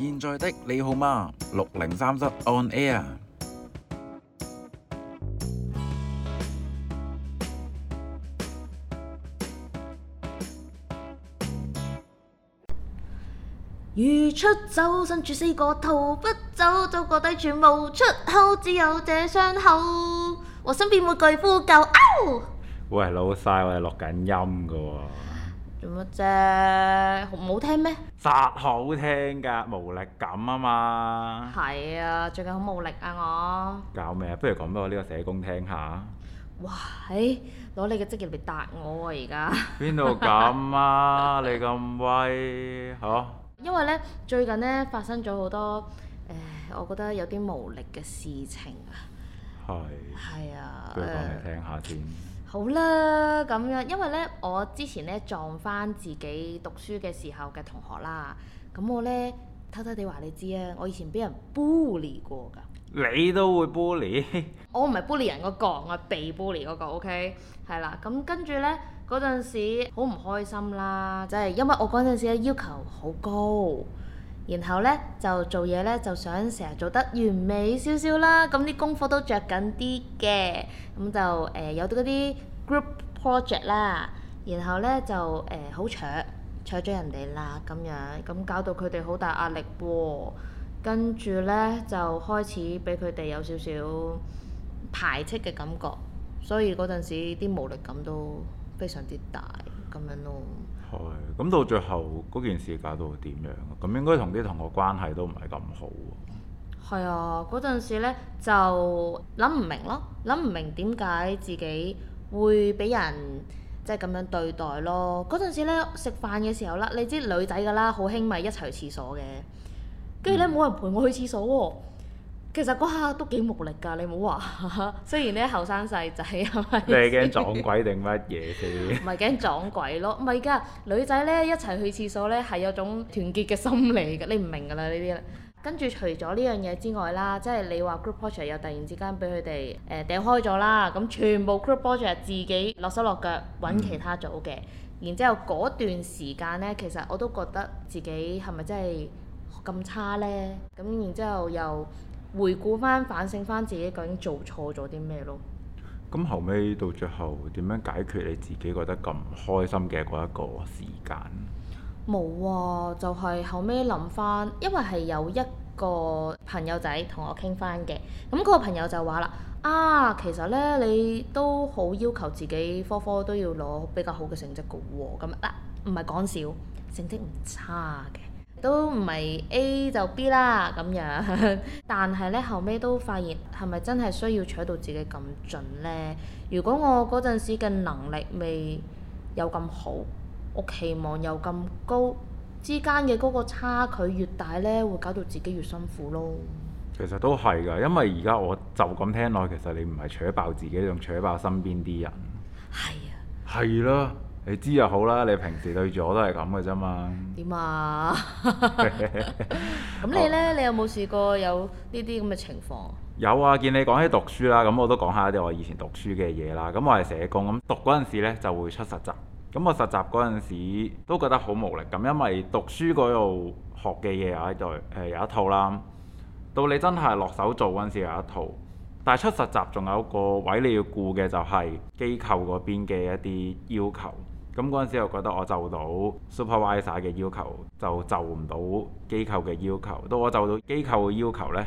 現在的你好嗎？六零三室 on air。如出走身處死角，逃不走，走過低全無出口，只有這傷口，我身邊每句呼救。喂，老細，我哋錄緊音㗎喎。做乜啫？好唔好聽咩？實好聽㗎，無力感啊嘛。係啊，最近好無力啊，我。搞咩？不如講俾我呢個社工聽下。哇！誒、哎，攞你嘅職業嚟答我啊，而家。邊度咁啊？ 你咁威嚇？好。因為呢，最近呢發生咗好多誒、呃，我覺得有啲無力嘅事情是啊。係。係啊。不如講嚟聽,聽下先。呃好啦，咁樣，因為呢，我之前呢撞返自己讀書嘅時候嘅同學啦。咁我呢，偷偷哋話你知啊，我以前俾人 bully 過㗎。你都會 bully？我唔係 bully 人、嗰個啊，我係被 bully 嗰、嗰個，OK？係啦，咁跟住呢，嗰陣時好唔開心啦，即、就、係、是、因為我嗰陣時要求好高。然後呢，就做嘢呢，就想成日做得完美少少啦，咁、嗯、啲功課都着緊啲嘅，咁、嗯、就誒、呃、有啲嗰啲 group project 啦，然後呢，就誒好搶搶咗人哋啦，咁樣咁搞到佢哋好大壓力喎、哦，跟住呢，就開始俾佢哋有少少排斥嘅感覺，所以嗰陣時啲無力感都非常之大咁樣咯。係，咁到最後嗰件事搞到點樣？咁應該同啲同學關係都唔係咁好喎。係啊，嗰陣時咧就諗唔明咯，諗唔明點解自己會俾人即係咁樣對待咯。嗰陣時咧食飯嘅時候啦，你知女仔㗎啦，好興咪一齊去廁所嘅，跟住呢，冇人陪我去廁所喎。嗯。其實嗰下都幾無力㗎，你唔好話。雖然呢後生細仔，係咪？你係驚撞鬼定乜嘢先？唔係驚撞鬼咯，唔係噶，女仔咧一齊去廁所咧係有種團結嘅心理㗎，你唔明㗎啦呢啲。跟住除咗呢樣嘢之外啦，即係你話 group project 又突然之間俾佢哋誒掟開咗啦，咁全部 group project 自己落手落腳揾其他組嘅。嗯、然之後嗰段時間咧，其實我都覺得自己係咪真係咁差咧？咁然之後又。回顧翻、反省翻自己究竟做錯咗啲咩咯？咁後尾到最後，點樣解決你自己覺得咁唔開心嘅嗰一個時間？冇啊，就係、是、後尾諗翻，因為係有一個朋友仔同我傾翻嘅，咁、那、嗰個朋友就話啦：，啊，其實呢，你都好要求自己科科都要攞比較好嘅成績嘅喎，咁啊唔係講笑，成績唔差嘅。都唔係 A 就 B 啦咁樣， 但係呢，後尾都發現係咪真係需要取到自己咁盡呢？如果我嗰陣時嘅能力未有咁好，我期望又咁高，之間嘅嗰個差距越大呢，會搞到自己越辛苦咯。其實都係㗎，因為而家我就咁聽落，其實你唔係取爆自己，仲取爆身邊啲人。係啊。係啦。你知就好啦，你平時對住我都係咁嘅啫嘛。點樣啊？咁你呢？ 好你有冇試過有呢啲咁嘅情況？有啊，見你講起讀書啦，咁我都講一下啲我以前讀書嘅嘢啦。咁我係社工，咁讀嗰陣時呢就會出實習。咁我實習嗰陣時都覺得好無力。咁因為讀書嗰度學嘅嘢有一對有一套啦，到你真係落手做嗰陣時有一套，但係出實習仲有一個位你要顧嘅就係機構嗰邊嘅一啲要求。咁嗰陣時，我覺得我就到 supervisor 嘅要求，就就唔到機構嘅要求。到我就到機構嘅要求呢，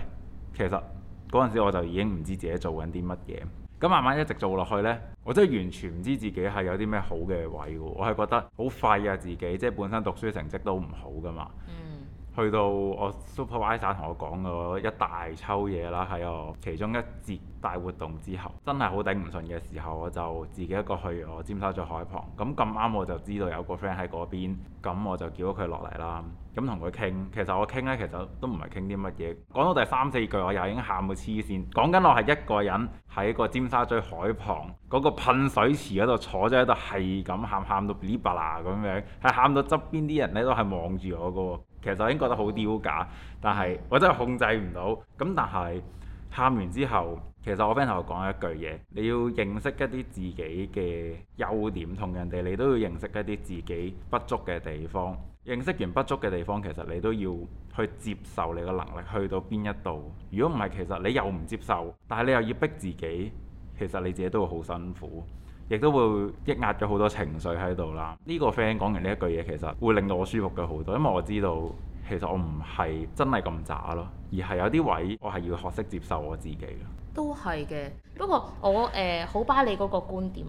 其實嗰陣時我就已經唔知自己做緊啲乜嘢。咁慢慢一直做落去呢，我真係完全唔知自己係有啲咩好嘅位㗎。我係覺得好廢啊！自己即係本身讀書成績都唔好㗎嘛。嗯去到我 supervisor 同我講咗一大抽嘢啦，喺我其中一節大活動之後，真係好頂唔順嘅時候，我就自己一個去我尖沙咀海旁。咁咁啱，我就知道有個 friend 喺嗰邊，咁我就叫咗佢落嚟啦。咁同佢傾，其實我傾咧，其實都唔係傾啲乜嘢。講到第三四句，我又已經喊到黐線。講緊我係一個人喺個尖沙咀海旁嗰個噴水池嗰度坐咗喺度，係咁喊喊到鼻白喇咁樣，係喊到側邊啲人咧都係望住我個。其實我已經覺得好丟架，但係我真係控制唔到。咁但係喊完之後，其實我 friend 同我講一句嘢：你要認識一啲自己嘅優點，同人哋你都要認識一啲自己不足嘅地方。認識完不足嘅地方，其實你都要去接受你個能力去到邊一度。如果唔係，其實你又唔接受，但係你又要逼自己，其實你自己都會好辛苦。亦都會抑壓咗好多情緒喺度啦。呢、這個 friend 講完呢一句嘢，其實會令到我舒服咗好多，因為我知道其實我唔係真係咁渣咯，而係有啲位我係要學識接受我自己嘅。都係嘅，不過我誒好巴你嗰個觀點，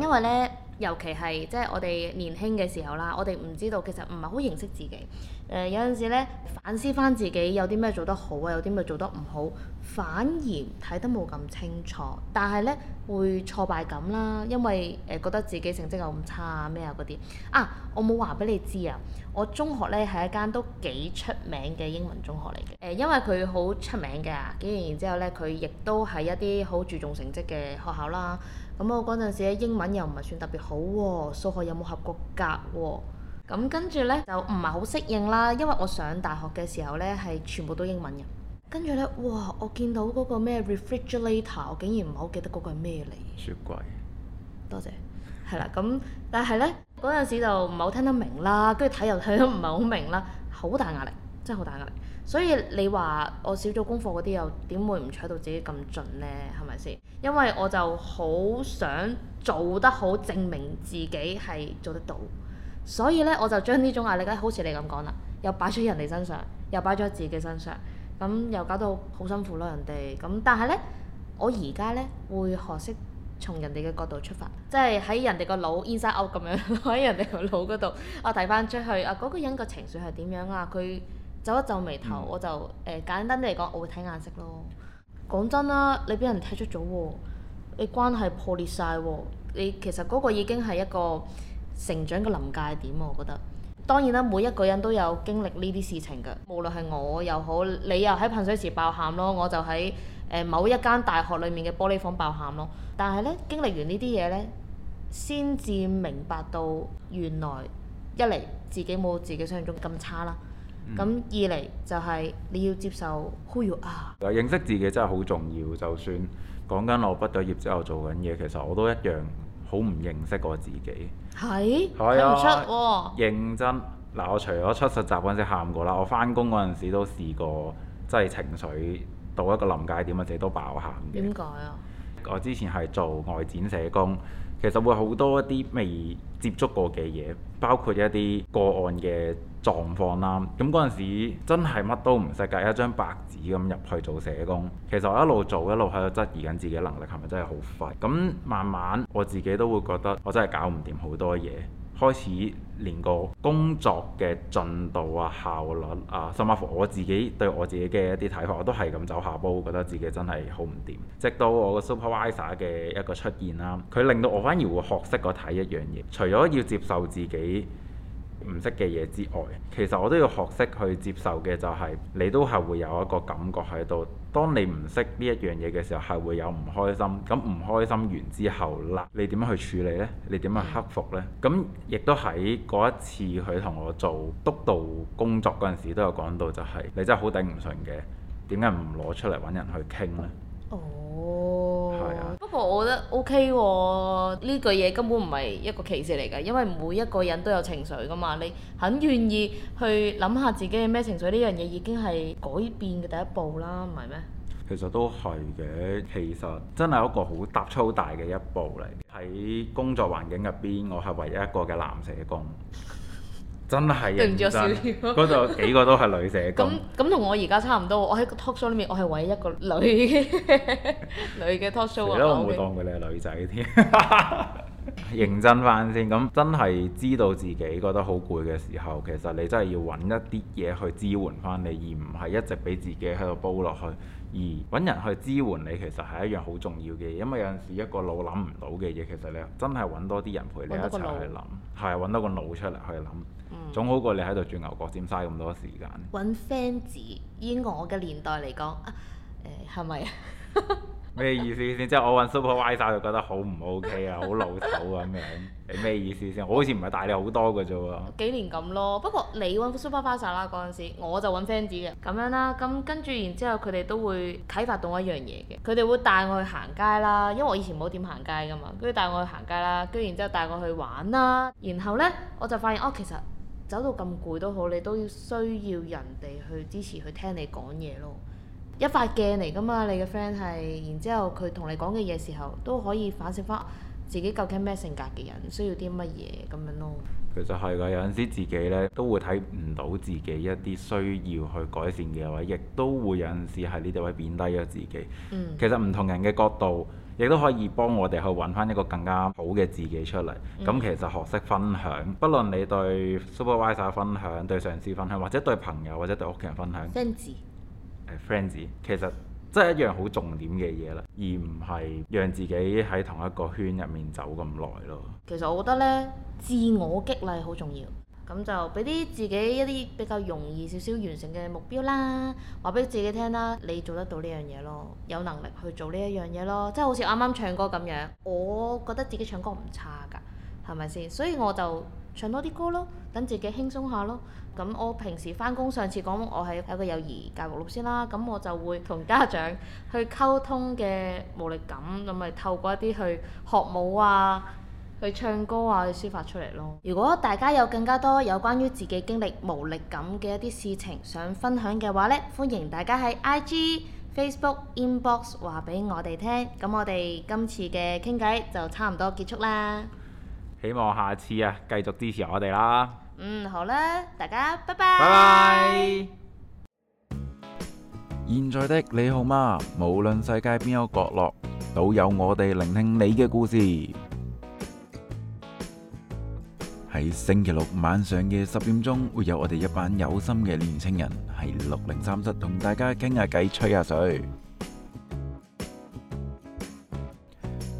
因為呢。嗯尤其係即係我哋年輕嘅時候啦，我哋唔知道其實唔係好認識自己。誒、呃、有陣時呢，反思返自己有啲咩做得好啊，有啲咩做得唔好，反而睇得冇咁清楚。但係呢，會挫敗感啦，因為誒、呃、覺得自己成績又咁差啊咩啊嗰啲。啊，我冇話俾你知啊！我中學呢係一間都幾出名嘅英文中學嚟嘅。誒、呃，因為佢好出名㗎，跟住然之後呢，佢亦都係一啲好注重成績嘅學校啦。咁我嗰陣時咧，英文又唔係算特別好喎、啊，數學又冇合過格喎、啊？咁跟住呢就唔係好適應啦，因為我上大學嘅時候呢係全部都英文嘅。跟住呢，哇！我見到嗰個咩 refrigerator，我竟然唔係好記得嗰個係咩嚟。雪櫃。多謝。係啦，咁但係呢，嗰陣時就唔係好聽得明啦，跟住睇又睇得唔係好明啦，好大壓力，真係好大壓力。所以你話我少做功課嗰啲又點會唔駛到自己咁盡呢？係咪先？因為我就好想做得好，證明自己係做得到。所以咧，我就將呢種壓力咧，好似你咁講啦，又擺咗人哋身上，又擺咗自己身上，咁又搞到好辛苦咯人哋。咁但係呢，我而家呢，會學識從人哋嘅角度出發，即係喺人哋個腦 inside out 咁樣喺 人哋個腦嗰度，我提翻出去啊嗰、嗰個人嘅情緒係點樣啊佢。皺一皺眉頭，嗯、我就誒、呃、簡單啲嚟講，我會睇顏色咯。講真啦，你俾人踢出咗喎，你關係破裂晒喎，你其實嗰個已經係一個成長嘅臨界點，我覺得。當然啦，每一個人都有經歷呢啲事情㗎，無論係我又好，你又喺噴水池爆喊咯，我就喺誒、呃、某一間大學裡面嘅玻璃房爆喊咯。但係呢，經歷完呢啲嘢呢，先至明白到原來一嚟自己冇自己想象中咁差啦。咁、嗯、二嚟就係你要接受 who you are！嗱，認識自己真係好重要。就算講緊我畢咗業之後做緊嘢，其實我都一樣好唔認識我自己。係是。係認真嗱、啊，我除咗出實習嗰陣時喊過啦，我翻工嗰陣時都試過，真、就、係、是、情緒到一個臨界點嘅自己都爆喊嘅。點解啊？我之前係做外展社工。其實會好多一啲未接觸過嘅嘢，包括一啲個案嘅狀況啦。咁嗰陣時真係乜都唔識嘅，一張白紙咁入去做社工。其實我一路做一路喺度質疑緊自己能力係咪真係好廢。咁慢慢我自己都會覺得我真係搞唔掂好多嘢。開始連個工作嘅進度啊、效率啊，甚至乎我自己對我自己嘅一啲睇法，我都係咁走下坡，我覺得自己真係好唔掂。直到我個 supervisor 嘅一個出現啦，佢令到我反而會學識個睇一樣嘢，除咗要接受自己唔識嘅嘢之外，其實我都要學識去接受嘅就係，你都係會有一個感覺喺度。當你唔識呢一樣嘢嘅時候，係會有唔開心。咁唔開心完之後，嗱，你點樣去處理呢？你點去克服呢？咁亦都喺嗰一次佢同我做督導工作嗰陣時，都有講到就係，你真係好頂唔順嘅。點解唔攞出嚟揾人去傾呢？哦。我覺得 OK 喎，哦，呢句嘢根本唔係一個歧視嚟㗎，因為每一個人都有情緒㗎嘛。你肯願意去諗下自己係咩情緒，呢樣嘢已經係改變嘅第一步啦，唔係咩？其實都係嘅，其實真係一個好踏出好大嘅一步嚟。喺工作環境入邊，我係唯一一個嘅男社工。真係啊！嗰度幾個都係女社工。咁咁同我而家差唔多，我喺個 talk show 裏面，我係唯一一個女嘅 女嘅 talk show。我唔會當佢哋係女仔添。 認真翻先，咁真係知道自己覺得好攰嘅時候，其實你真係要揾一啲嘢去支援翻你，而唔係一直俾自己喺度煲落去。而揾人去支援你，其實係一樣好重要嘅，因為有陣時一個腦諗唔到嘅嘢，其實你真係揾多啲人陪你一齊去諗，係揾多個腦出嚟去諗，嗯、總好過你喺度轉牛角尖嘥咁多時間。揾 fans，以我嘅年代嚟講，誒係咪？呃是 咩意思先？ 即後我揾 Super Y 沙就覺得好唔 OK 啊，好老手咁樣。你咩 意思先？ 我好似唔係大你好多嘅啫喎。幾年咁咯，不過你揾 Super Y 沙啦嗰陣時，我就揾 fans 嘅咁樣啦。咁跟住然之後佢哋都會啟發到我一樣嘢嘅，佢哋會帶我去行街啦，因為我以前冇點行街㗎嘛。跟住帶我去行街啦，跟住然後之後帶我去玩啦。然後呢，我就發現哦，其實走到咁攰都好，你都要需要人哋去支持去聽你講嘢咯。一塊鏡嚟㗎嘛，你嘅 friend 係，然之後佢同你講嘅嘢時候，都可以反射翻自己究竟咩性格嘅人，需要啲乜嘢咁樣咯。其實係㗎，有陣時自己呢都會睇唔到自己一啲需要去改善嘅位，亦都會有陣時喺呢度位貶低咗自己。嗯。其實唔同人嘅角度，亦都可以幫我哋去揾翻一個更加好嘅自己出嚟。嗯。咁其實學識分享，不論你對 supervisor 分享、對上司分享，或者對朋友或者對屋企人分享。friends，其實真係一樣好重點嘅嘢啦，而唔係讓自己喺同一個圈入面走咁耐咯。其實我覺得呢，自我激勵好重要，咁就俾啲自己一啲比較容易少少完成嘅目標啦，話俾自己聽啦，你做得到呢樣嘢咯，有能力去做呢一樣嘢咯，即係好似啱啱唱歌咁樣，我覺得自己唱歌唔差㗎，係咪先？所以我就。唱多啲歌咯，等自己輕鬆下咯。咁我平時翻工，上次講我係有一個幼兒教育老師啦，咁我就會同家長去溝通嘅無力感，咁咪透過一啲去學舞啊、去唱歌啊，去抒發出嚟咯。如果大家有更加多有關於自己經歷無力感嘅一啲事情想分享嘅話呢，歡迎大家喺 IG、Facebook、Inbox 話俾我哋聽。咁我哋今次嘅傾偈就差唔多結束啦。希望下次啊，繼續支持我哋啦。嗯，好啦，大家拜拜。拜拜。Bye bye 現在的你好嗎？無論世界邊個角落，都有我哋聆聽你嘅故事。喺星期六晚上嘅十點鐘，會有我哋一班有心嘅年青人喺六零三室同大家傾下偈、吹下水。